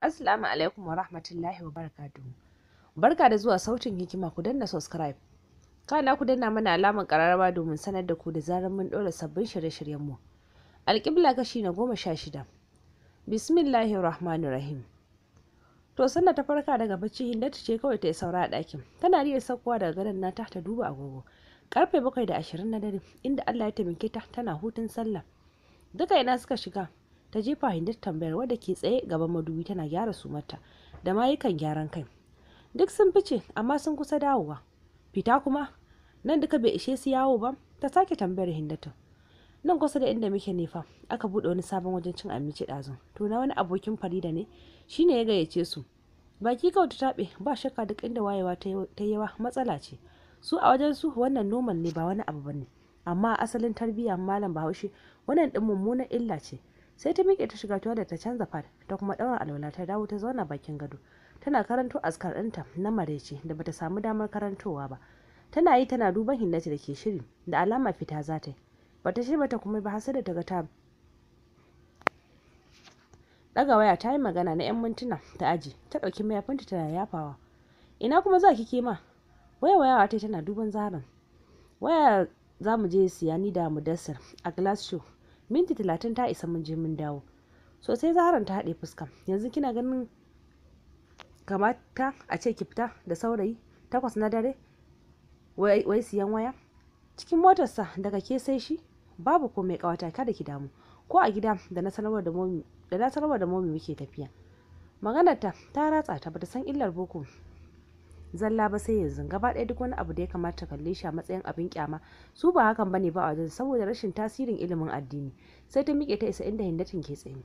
Assalamu alaikum wa rahmatullahi wa barakatuhu. Barka da zuwa sautin hikima ku danna subscribe. Kana ku danna mana alamar kararrawa domin sanar da ku da zarar mun ɗora sabbin shirye-shiryen mu. Alƙibla kashi na goma sha shida. Bismillahi rahmanir rahim. To sanna ta farka daga bacci Hindatu ce kawai ta yi saura a ɗakin. Tana niyyar saukowa daga gadon nata ta duba agogo. Karfe bakwai da ashirin na dare inda Allah ya taimake ta tana hutun sallah. Duka ina suka shiga ta jefa hindar tambayar wadda ke tsaye gaban madubi tana gyara sumarta da mayukan gyaran kai duk sun fice amma sun kusa dawowa fita kuma nan duka bai ishe su yawo ba ta sake tambayar hindatu nan kusa da inda muke nefa aka bude wani sabon wajen cin abinci ɗazu to na wani abokin farida ne shine ya gayyace su baki kawai ta taɓe ba shakka duk inda wayewa ta yawa matsala ce su a wajen su wannan noman ne ba wani abu bane amma asalin tarbiyyar malam bahaushe wannan din mummunan illa ce sai ta miƙe ta shiga tuwa da ta canza fad ta kuma ɗaura alwala ta dawo ta zauna bakin gado tana karanto askar ɗinta na marece da bata samu damar karantowa ba tana yi tana duban hinnati da ke shiri da alama fita za ta yi bata shi ta kuma ba sai da ta ga ta daga waya ta yi magana na 'yan mintuna ta aji ta ɗauki mayafinta tana yafawa ina kuma za ki kima waya wayawa ta tana duban zaran waya za mu je siya ni da mudassir a glass show minti talatin ta isa mun je mun dawo sosai zaran ta haɗe fuska yanzu kina ganin kamata a ce ki fita da saurayi takwas na dare wai siyan waya cikin motarsa daga ke sai shi babu ko mai kawata kada ki damu ko a gida da na sanarwar da momi da momi muke tafiya maganarta ta ratsa ta bata san illar boko zalla ba sai yanzu gaba ɗaya duk wani abu da ya kamata kalle shi a matsayin abin kyama su ba hakan bane ba a wajen saboda rashin tasirin ilimin addini sai ta miƙe ta isa inda hindatin ke tsaye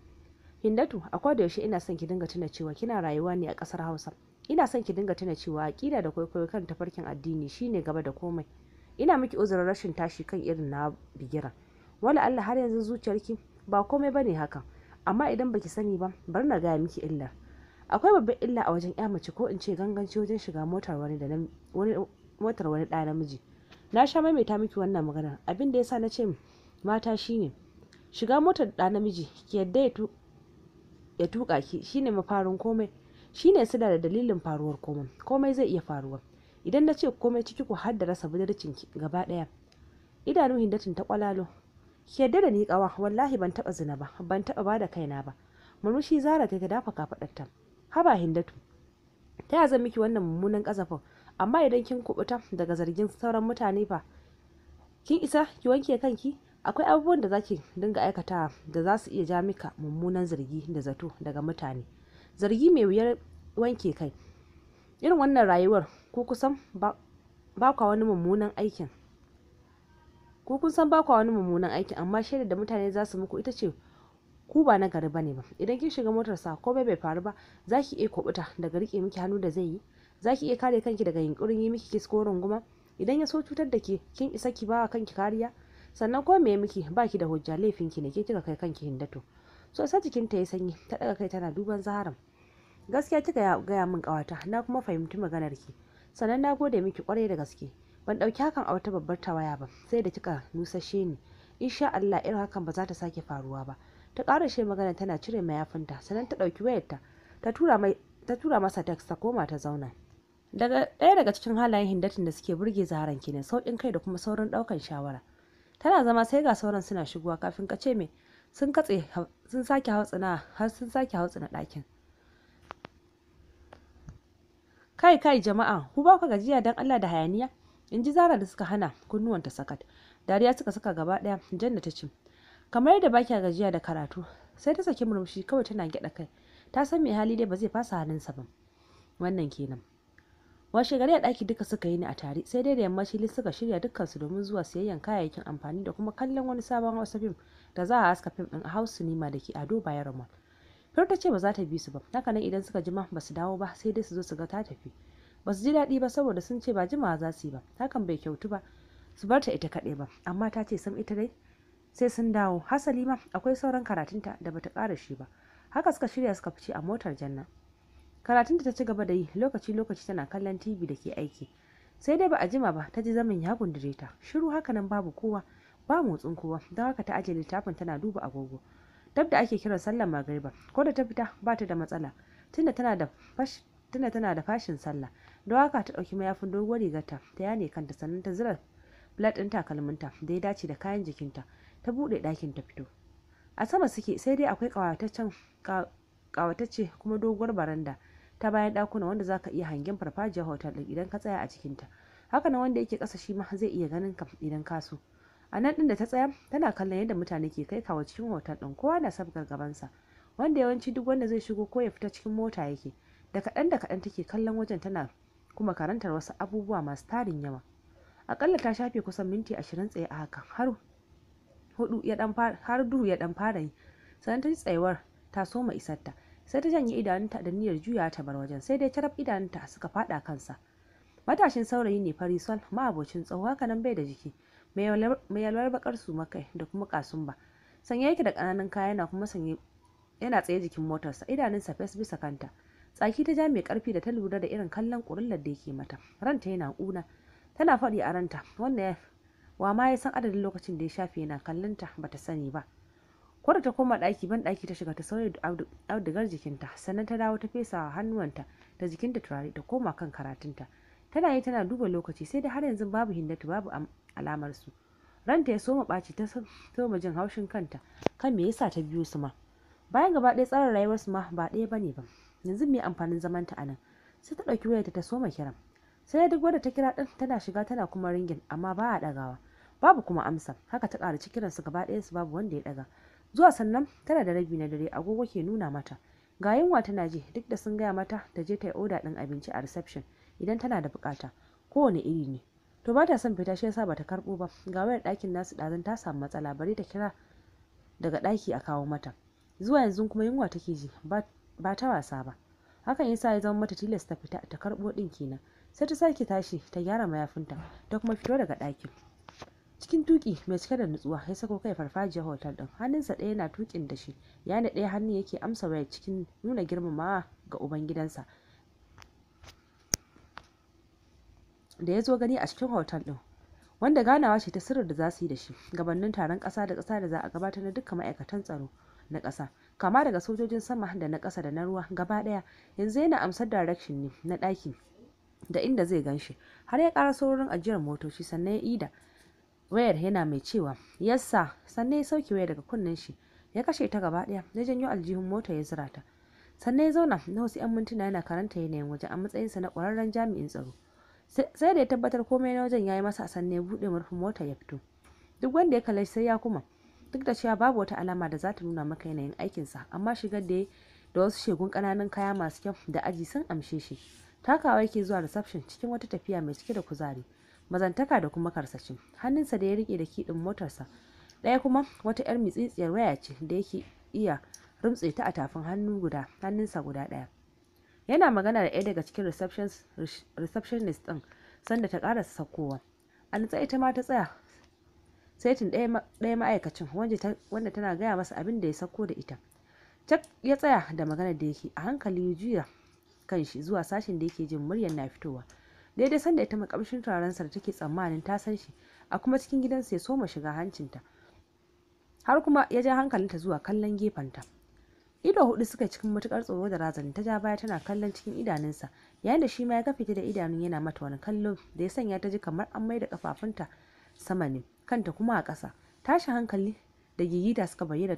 hindatu a da yaushe ina son ki dinga tuna cewa kina rayuwa ne a ƙasar hausa ina son ki dinga tuna cewa aƙida da kwaikwayo kan tafarkin addini shine gaba da komai ina miki uzurin rashin tashi kan irin na bigira wala Allah har yanzu zuciyarki ba komai bane hakan amma idan baki sani ba bari na gaya miki illar akwai babban illa a wajen ya mace ko in ce ganganci wajen shiga motar wani da wani ɗa namiji na sha maimaita miki wannan magana. abin da sa na ce mata shine shiga motar ɗa namiji ki yadda ya tuka ki shine mafarin komai shine su da dalilin faruwar komai komai zai iya faruwa idan na ce komai ciki ku har da rasa ki gaba ɗaya idanu hindatin ta kwalalo ki yadda da ni kawa wallahi ban taba zina ba ban taba bada kaina ba murmushi zara ta dafa kafadarta haba hindatu ta ya miki wannan mummunan kasafin amma idan kin kubuta daga zargin sauran mutane fa kin isa ki wanke kanki akwai abubuwan da zaki dinga aikata da za su iya ja mika mummunan zargi da zato daga mutane zargi mai wuyar wanke kai irin wannan rayuwar ku kusan ba kwa wani mummunan aikin ku kun ba kwa wani mummunan aikin amma shaidar da mutane za su muku ita ce ku ba na gari bane ba idan kin shiga motar sa ko bai faru ba zaki iya kubuta daga rike miki hannu da zai yi za ki iya kare kanki daga yunkurin yi miki kisko runguma idan ya so cutar da ke kin isa ki ba kanki kariya sannan ko me miki baki da hujja laifin ki ne ke kika kai kanki hindatu so sa jikin ta yi sanyi ta daga kai tana duban zaharan gaskiya kika gaya min kawata na kuma fahimci maganar ki sannan na gode miki kwarai da gaske ban dauki hakan a wata babbar tawaya ba sai da kika nusashe ni insha Allah irin hakan ba za ta sake faruwa ba ta ƙara shi magana tana cire mayafinta sannan ta ɗauki wayarta ta tura mai ta masa text ta koma ta zauna daga ɗaya daga cikin halayen hindatin da suke burge zaharan kenan sauƙin kai da kuma saurin ɗaukan shawara tana zama sai ga sauran suna shigowa kafin ka ce me sun katse sun sake hautsina har sun sake hautsina ɗakin kai kai jama'a ku ba ku gajiya dan allah da hayaniya in ji zara da suka hana kunnuwan ta sakat dariya suka saka gaba ɗaya janna ta ce kamar yadda ba a gajiya da karatu sai ta saki murmushi kawai tana gyada kai ta san me hali dai ba zai fasa halinsa ba wannan kenan washe gari a daki duka suka yi ni a tare sai dai da yammaci lis suka shirya dukkansu domin zuwa siyayyan kayayyakin amfani da kuma kallon wani sabon wasu fim da za a haska fim din a house cinema da ke ado bayan ramon fir ta ce ba za ta bi su ba haka nan idan suka jima ba su dawo ba sai dai su zo su ga ta tafi ba su ji daɗi ba saboda sun ce ba jimawa za su yi ba hakan bai kyautu ba su bar ta ita kaɗai ba amma ta ce sam ita dai sai sun dawo hasali ma akwai sauran karatunta da bata kara shi ba haka suka shirya suka fice a motar janna karatunta ta ci gaba da yi lokaci lokaci tana kallon tv da ke aiki sai dai ba a jima ba ta ji zaman ya gundure ta shiru nan babu kowa ba motsin kowa don haka ta ajiye littafin tana duba agogo dab da ake kiran sallar magariba ko da ta fita ba ta da matsala tunda tana da tunda tana da fashin sallah don haka ta ɗauki mayafin doguwar rigarta ta yane kanta sannan ta zira blood ɗin takalminta da ya dace da kayan jikinta ta buɗe dakin ta fito a sama suke sai dai akwai ƙawataccen kawatacce kuma doguwar baranda ta bayan ɗakuna wanda zaka iya hangen farfajiyar hotel din idan ka tsaya a cikin ta haka na wanda yake kasa shi ma zai iya ganin ka idan ka so a nan ɗin da ta tsaya tana kallon yadda mutane ke kai kawo cikin hotel ɗin kowa na sabgar gabansa wanda yawanci duk wanda zai shigo ko ya fita cikin mota yake da kaɗan da kaɗan take kallon wajen tana kuma karantar wasu abubuwa masu tarin yawa akalla ta shafe kusan minti ashirin tsaye a hakan har hudu har duhu ya dan fara yi sannan ta tsayuwar ta soma isarta sai ta janye idanunta da niyyar juya ta bar wajen sai dai ta tarab idanunta suka fada kansa matashin saurayi ne farisol ma'abocin tsawo haka nan bai da jiki mai yalwar bakar su makai da kuma kasumba sanya yake da kananan kaya yana kuma sanye yana tsaye jikin motarsa idanunsa fes bisa kanta tsaki ta ja mai karfi da ta lura da irin kallon kurillar da yake mata ranta yana kuna tana faɗi a ranta wannan wa ma ya san adadin lokacin da ya shafe yana kallon ta bata sani ba da ta koma ɗaki ban ɗaki ta shiga ta sauya audugar jikinta sannan ta dawo ta fesa hannuwanta ta jikinta turare ta koma kan karatunta tana yi tana duba lokaci sai da har yanzu babu hindatu babu alamar su ranta ya soma ɓaci ta soma jin haushin kanta kan me yasa ta biyo su ma bayan gaba ɗaya tsarin rayuwarsu ma ba ɗaya bane ba yanzu me amfanin zamanta nan. sai ta ɗauki wayarta ta soma kiran sai duk wadda ta kira ɗin tana shiga tana kuma ringin amma ba a ɗagawa babu kuma amsa haka ta ƙara cikin su gaba ɗayan su babu wanda ya ɗaga zuwa sannan tana da rabi na dare agogo ke nuna mata ga yunwa tana ji duk da sun gaya mata ta je ta yi oda ɗin abinci a reception idan tana da bukata. kowane iri ne to ba ta son fita shi yasa ba ta karɓo ba ga wayar ɗakin nasu ɗazun ta samu matsala bari ta kira daga ɗaki a kawo mata zuwa yanzu kuma yunwa take ji ba ta wasa ba hakan yasa ya zama mata tilasta fita ta karɓo ɗin kenan sai ta sake tashi ta gyara mayafinta ta kuma fito daga ɗakin cikin tuki mai cike da nutsuwa ya sako kai farfajiyar hotel din hannunsa ɗaya na tukin da shi ya yana ɗaya hannun yake amsa waya cikin nuna girmamawa ga ubangidansa da ya zo gani a cikin hotel din wanda ganawa ce ta sirrin da za su yi da shi gabanin taron ƙasa da ƙasa da za a gabatar na dukkan ma'aikatan tsaro na ƙasa kama daga sojojin sama da na ƙasa da na ruwa gaba ɗaya yanzu yana amsar direction ne na ɗaki da inda zai gan shi har ya kara saurin ajiyar motoci sannan ya ida wayar yana mai cewa yassa sannan ya sauke waya daga kunnen shi ya kashe ta gaba ɗaya ya janyo aljihun mota ya zira ta sannan ya zauna na wasu 'yan mintuna yana karanta yanayin waje a matsayinsa na ƙwararren jami'in tsaro sai da ya tabbatar komai na wajen ya yi masa sannan ya buɗe murfin mota ya fito duk wanda ya kalle sai ya kuma duk da cewa babu wata alama da za ta nuna maka yanayin aikinsa amma shigar da da wasu shegun ƙananan kaya masu kyau da aji sun amshe shi takawa yake zuwa reception cikin wata tafiya mai cike da kuzari mazantaka da kuma karsashin hannunsa da ya rike da kiɗin motarsa ɗaya kuma wata 'yar mitsitsiyar waya ce da yake iya rumtse ta a tafin hannu guda hannunsa guda ɗaya yana magana da ɗaya daga cikin receptionist ɗin sanda ta ƙara sakowa a nutsa ita ma ta tsaya saitin ɗaya ma'aikacin wanda tana gaya masa abin da ya sauko da ita cak ya tsaya da maganar da yake a hankali jiya. juya kanshi zuwa sashen da yake jin muryar na fitowa daidai sanda ita makamshin turaren da take tsammanin ta san shi a kuma cikin gidan gidansa ya soma shiga hancinta har kuma ya ja hankalinta zuwa kallon gefenta ido hudu suka cikin matukar tsoro da razani ta ja baya tana kallon cikin idanunsa yayin da shi ma ya kafe ta da idanun yana mata wani kallo da ya sanya ta ji kamar an mai da kafafunta sama ne kanta kuma a ƙasa tashi hankali da gigita suka bayyana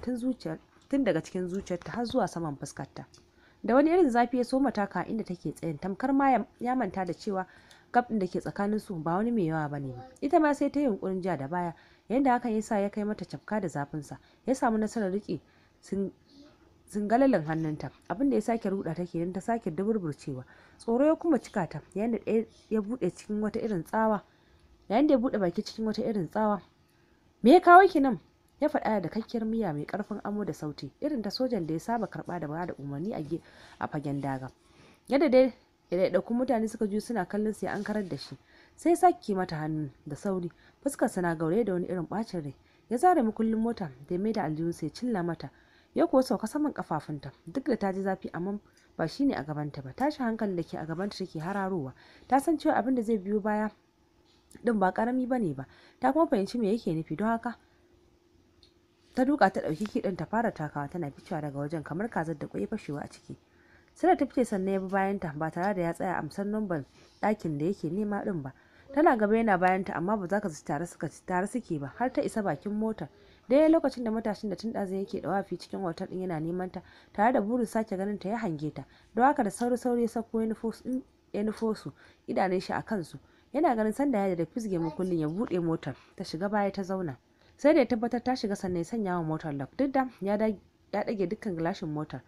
tun daga cikin zuciyarta har zuwa saman fuskarta da wani irin zafi ya soma taka inda take tsayin tamkar ma ya manta da cewa gab da ke tsakanin su ba wani mai yawa bane ita ma sai ta yi yunkurin ja da baya yadda hakan ya sa ya kai mata cafka da zafin sa ya samu nasarar rike zingalalin hannunta abin da ya sake ruda take kenan ta sake duburburcewa tsoro ya kuma cika ta yayin da ya bude cikin wata irin tsawa yayin ya bude baki cikin wata irin tsawa me ya kawo ki nan ya faɗa da dakakkiyar miya mai ƙarfin amo da sauti irin ta sojan da ya saba karɓa da bada umarni a fagen daga yadda dai ɗaiɗaikun mutane suka ji suna kallon sai an karar da shi sai ya sake mata hannu da sauri Fuskar suna gaure da wani irin ɓacin rai ya zare mukullin mota da mai da aljihun ya cilla mata ya kuwa sauka saman kafafunta duk da ta ji zafi amma ba shi ne a gabanta ba tashi hankali da ke a gabanta take hararowa ta san cewa abin da zai biyo baya din ba karami bane ba ta kuma fahimci me yake nufi don haka ta duka ta ɗauki ɗin ta fara takawa tana ficewa daga wajen kamar kazar da kwai fashewa a ciki sai ta fice sannan ya bi bayan ta ba tare da ya tsaya amsar numban ɗakin da yake nema ɗin ba tana gaba yana bayan ta amma ba za ka zuci tare suka tare suke ba har ta isa bakin motar dai lokacin da matashin da tun ɗazin yake da wafi cikin otal din yana neman ta tare da burin sake ganin ta ya hange ta don haka da sauri sauri ya sako ya nufo idanun shi a kansu yana ganin sanda ya da fisge mu kullum ya buɗe motar ta shiga baya ta zauna sai da ya tabbatar ta shiga sannan ya sanya wa motar lock duk da ya dage dukkan gilashin motar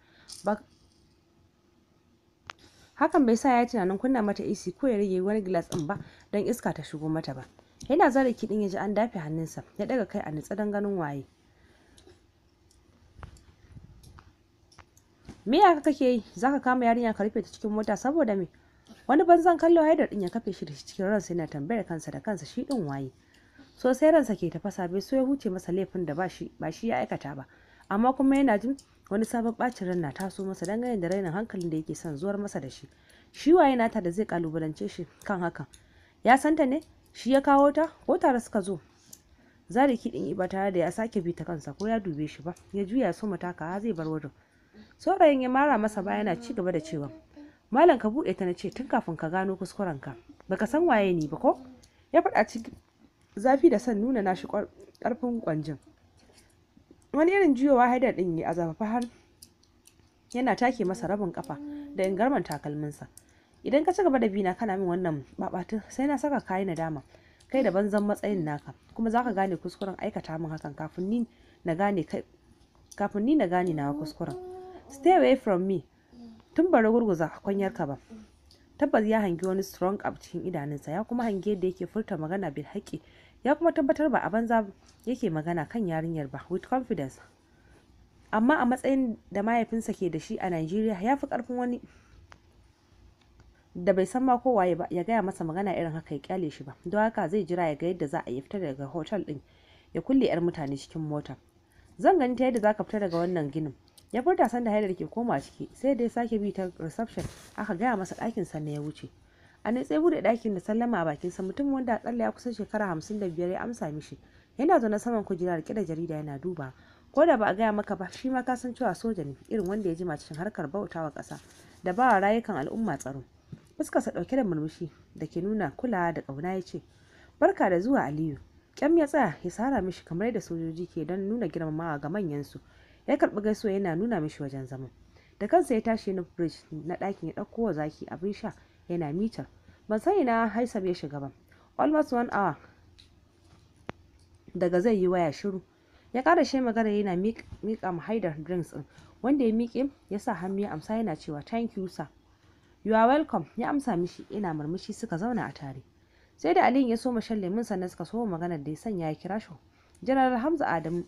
hakan bai sa ya tunanin kunna mata AC ko ya rage wani gilas din ba don iska ta shigo mata ba yana zara kiɗin ya ji an dafe hannunsa ya daga kai a nitsa don ganin waye me ya kake yi zaka kama yarinya ka rufe ta cikin mota saboda me wani banzan kallo haidar din ya kafe shi da cikin ransa yana tambayar kansa da kansa shi din waye so sai ransa ke tafasa bai so ya huce masa laifin da ba shi ya aikata ba amma kuma yana jin wani sabon bacin ran na taso masa dangane da rainin hankalin da yake son zuwar masa da shi shi waye nata da zai kalubalance shi kan hakan ya santa ne shi ya kawo ta ko tare suka zo zari kidin ba tare da ya sake bi ta kansa ko ya dube shi ba ya juya so mataka zai bar wurin saurayin ya mara masa baya yana ci gaba da cewa malam ka buɗe ta na ce tun kafin ka gano kuskuren ka baka san waye ni ba ko ya faɗa zafi da son nuna nashi karfin kwanjin wani irin juyowa haidar ɗin yi a zafafa har yana take masa rabin kafa da ingarman takalminsa idan ka ci gaba da bina kana min wannan babatun sai na saka kayi nadama kai da banzan matsayin naka kuma zaka gane kuskuren aikata min hakan kafin ni na gane kai kafin ni na gane nawa kuskuren stay away from me tun bara gurguza ka ba tabbas ya hangi wani strong up cikin idanunsa ya kuma hange da yake furta magana bil haƙi ya kuma tabbatar ba a banza yake magana kan yarinyar ba with confidence amma a matsayin da mahaifinsa ke da shi a Najeriya ya fi karfin wani da bai san ma kowa ba ya gaya masa magana irin haka ya kyale shi ba don haka zai jira ya ga yadda za a yi fita daga hotel din ya kulle yar mutane cikin mota zan gani ta yadda za ka fita daga wannan ginin ya furta sanda haidar ke koma ciki sai da ya sake bi ta reception aka gaya masa ɗakin ne ya wuce a natse bude ɗakin da sallama a bakinsa mutum wanda tsalle ya kusan shekara hamsin da biyar ya amsa mishi yana zaune saman kujera rike da jarida yana duba ko da ba a gaya maka ba shi ma ka san cewa soja ne irin wanda ya jima cikin harkar bautawa ƙasa da ba rayukan al'umma tsaro fuskarsa ɗauke da murmushi da ke nuna kulawa da ƙauna ya ce barka da zuwa aliyu Ƙyam ya tsaya ya sara mishi kamar yadda sojoji ke don nuna girmamawa ga manyansu ya karɓi gaisuwa yana nuna mishi wajen zama da kansa ya tashi na bridge na ɗakin ya ɗauko wa zaki abin sha yana mitar ban san na. haisa ya shiga ba almost one hour daga zai yi waya shiru ya ƙara shi magana yana miƙa haidar drinks din. wanda ya miƙe ya sa hannu ya amsa yana cewa thank you sir you are welcome ya amsa mishi ina murmushi suka zauna a tare sai da aliyu ya so soma shan lemun sannan suka so magana da ya sanya ya kira shi janar hamza adamu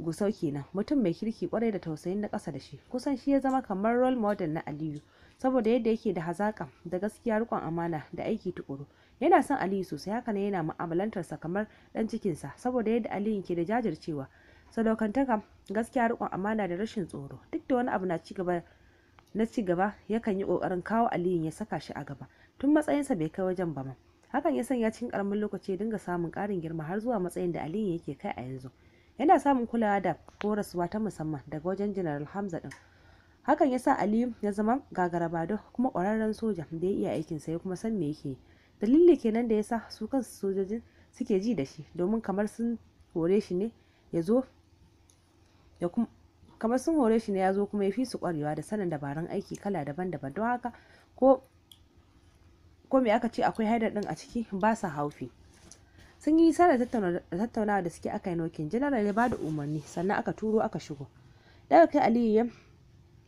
gusau kenan mutum mai kirki kwarai da tausayin na ƙasa da shi kusan shi ya zama kamar role model na aliyu saboda yadda yake da hazaƙa da gaskiya rikon amana da aiki tukuru yana son aliyu sosai haka ne yana mu'amalantarsa kamar ɗan cikinsa saboda yadda aliyu ke da jajircewa sadaukantaka gaskiya rikon amana da rashin tsoro duk da wani abu na ci gaba na ci yakan yi ƙoƙarin kawo aliyu ya saka shi a gaba tun matsayinsa bai kai wajen ba ma hakan ya sanya cikin ƙaramin lokaci ya dinga samun ƙarin girma har zuwa matsayin da aliyu yake kai a yanzu yana samun kulawa da horaswa ta musamman daga wajen general hamza din hakan ya sa aliyu ya zama gagarabado kuma ƙwararren soja da ya iya aikinsa ya kuma san me yake dalili kenan da ya sa su kansu sojojin suke ji da shi domin kamar sun hore shi ne ya zo ya kuma kamar sun hore shi ne ya zo kuma ya fi su kwarewa da sanin dabarun aiki kala daban-daban don haka ko ko me aka ce akwai haidar din a ciki ba sa haufi sun yi nisa da tattaunawa da suke aka yi nokin janar ya ba da umarni sannan aka turo aka shigo daga kai aliyu ya.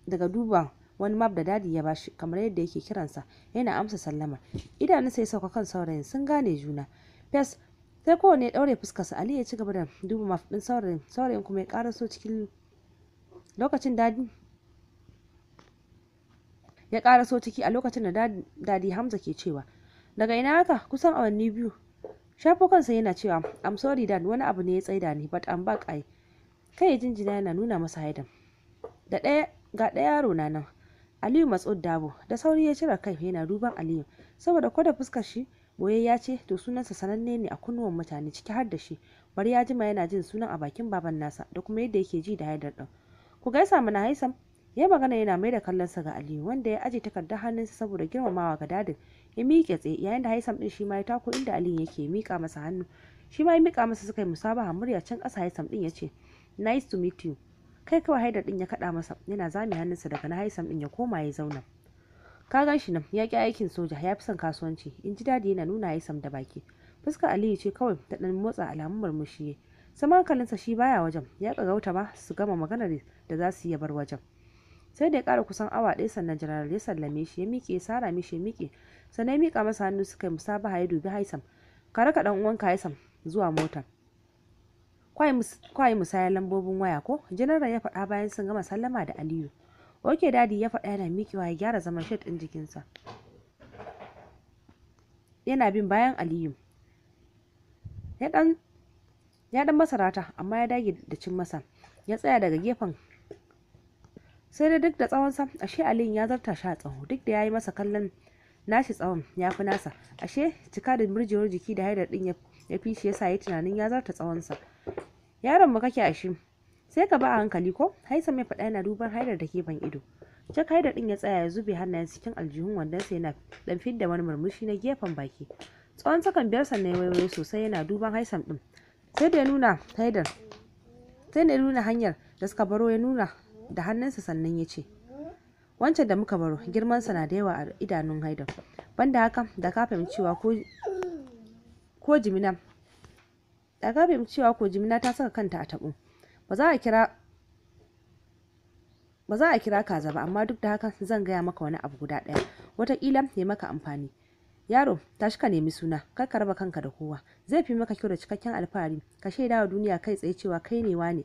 daga duba, wani map da dadi ya bashi kamar yadda yake kiransa yana amsa sallama. idanun sai sauka kan saurayin sun gane juna fes sai kowane ya daure fuskarsa ali ya ci gaba da duba map din saurayin saurayin kuma ya so cikin lokacin dadi ya so ciki a lokacin da dadi hamza ke cewa daga ina haka kusan awanni biyu shafo kansa yana cewa i'm sorry dad wani abu ne ya tsaida ni but am back ai kai jinjina yana nuna masa haidan da ɗaya ga ɗaya yaro na nan aliyu matsud dabo da sauri ya cire kai yana duban aliyu saboda ko da fuskar shi boye ya ce to sunansa sananne ne a kunnuwan mutane ciki har da shi bari ya jima yana jin sunan a bakin baban nasa da kuma yadda yake ji da haidar ɗin ku gaisa mana haisam ya magana yana mai da kallonsa ga aliyu wanda ya aje takardar hannunsa saboda girmamawa ga dadin ya miƙe tse, yayin da haisam ɗin shi ma ya tako inda aliyu yake mika masa hannu shi ma ya mika masa suka yi musabaha murya can ƙasa haisam ɗin ya ce nice to meet you kai kawai haidar din ya kaɗa masa yana zame hannunsa daga na haisam din ya koma ya zauna ka gan shi nan ya ki aikin soja ya fi son kasuwanci in ji dadi yana nuna haisam da baki fuska aliyu ce kawai ta ɗan motsa alamun murmushi sama kalinsa shi baya wajen ya gauta ba su gama maganar da za su ya bar wajen sai da ya kara kusan awa ɗaya sannan janar ya sallame shi ya miƙe ya sara mishi ya miƙe sannan ya miƙa masa hannu suka yi musabaha ya dubi haisam ka raka ɗan uwanka haisam zuwa mota kwaye musayar lambobin waya ko janaral ya faɗa bayan sun gama sallama da aliyu oke dadi ya faɗa yana mikewa ya gyara zaman shirt ɗin jikinsa yana bin bayan aliyu ya ɗan masarata, amma ya dage da cin masa ya tsaya daga gefen sai dai duk da tsawonsa ashe aliyu ya zarta sha a tsaho duk da ya yi masa kallon nashi tsawon ya fi nasa ashe cika da murjewar jiki da haidar din ya fi shi yasa ya tunanin ya zarta tsawonsa yaron ba kake ashi sai ka ba a hankali ko haisa mai faɗa yana duban haidar da ke ban ido Cik haidar din ya tsaya ya zube hannayen cikin aljihun wandonsa yana dan fidda wani murmushi na gefen baki tsawon sakan biyar sannan ya waiwayo sosai yana duban haisam ɗin. sai da ya nuna haidar sai da nuna hanyar da suka baro ya nuna da hannunsa sannan ya ce wancan da muka baro girmansa na da yawa a idanun haidar banda haka da ka fahimci cewa ko ko jimina da bai cewa ko jimina ta saka kanta a taɓo ba za a kira kaza ba amma duk da haka zan gaya maka wani abu guda ɗaya wataƙila ya maka amfani yaro tashi ka nemi suna kar ka raba kanka da kowa zai fi maka kyau da cikakken alfahari ka shaida wa duniya kai tsaye cewa kai ne wane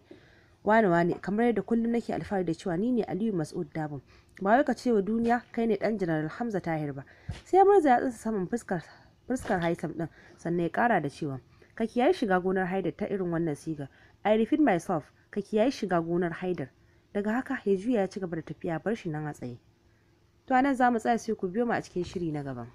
wane wane kamar yadda kullum nake alfahari da cewa ni ne aliyu mas'ud dabon ba wai ka ce wa duniya kai ne dan janaral hamza tahir ba sai murza ya tsinsa saman fuskar fuskar Haitham din sannan ya kara da cewa ka kiyaye shiga gonar Haidar ta irin wannan sigar I repeat myself ka kiyaye shiga gonar Haidar daga haka ya juya ya ci gaba da tafiya bar shi nan a tsaye to anan za mu tsaya sai ku biyo mu a cikin shiri na gaban